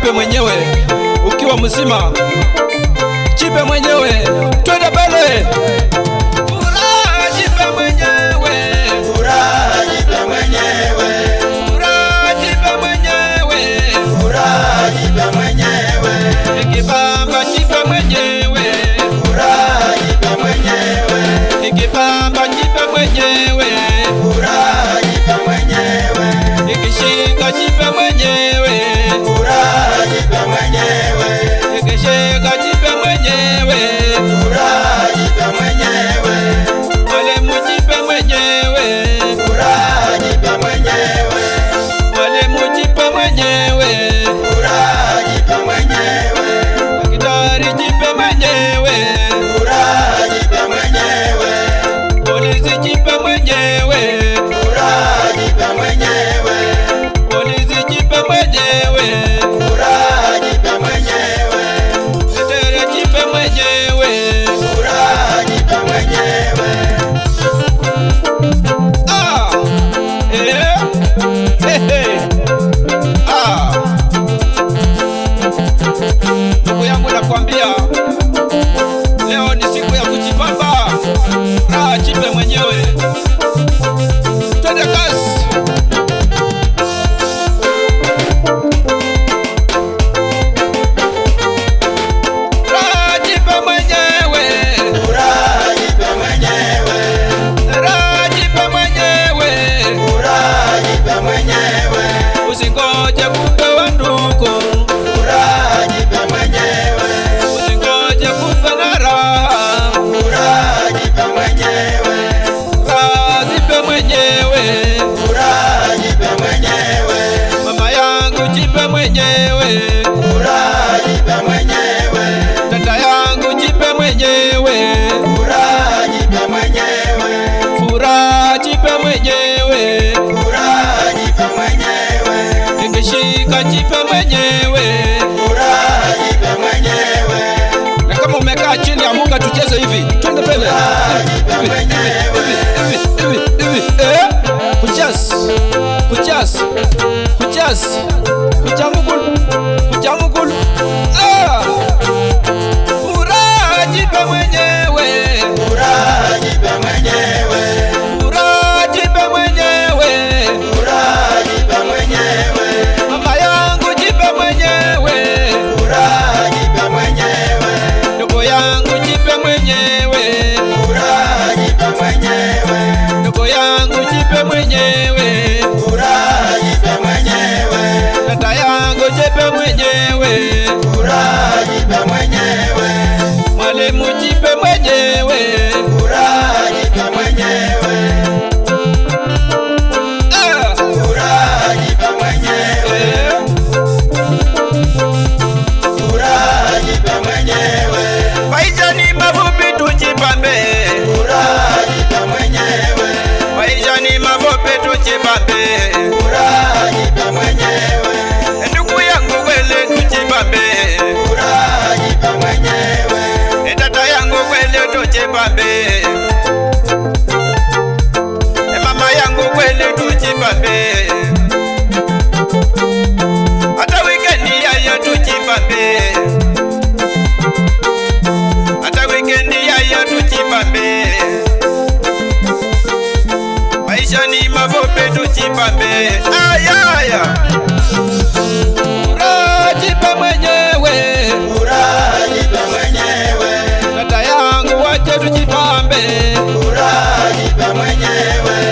jipe mwenyewe ukiwa mzima, jipe mwenyewe, twende mbele. Ah. Ndugu yangu nakwambia, leo ni siku ya kujipamba, raha mwenyewe. mwenyewe, urajipe mwenyewe, dada yangu jipe mwenyewe, urajipe mwenyewe, furajipe mwenyewe, furajipe mwenyewe, nikishika jipe mwenyewe, mwenyewe. Na kama umekaa chini, tucheze hivi, twende Baby. maishani mabombe tujipambe. Aya, aya, mwenyewe, urajipa mwenyewe, dada yangu wache tujipambe, urajipa mwenyewe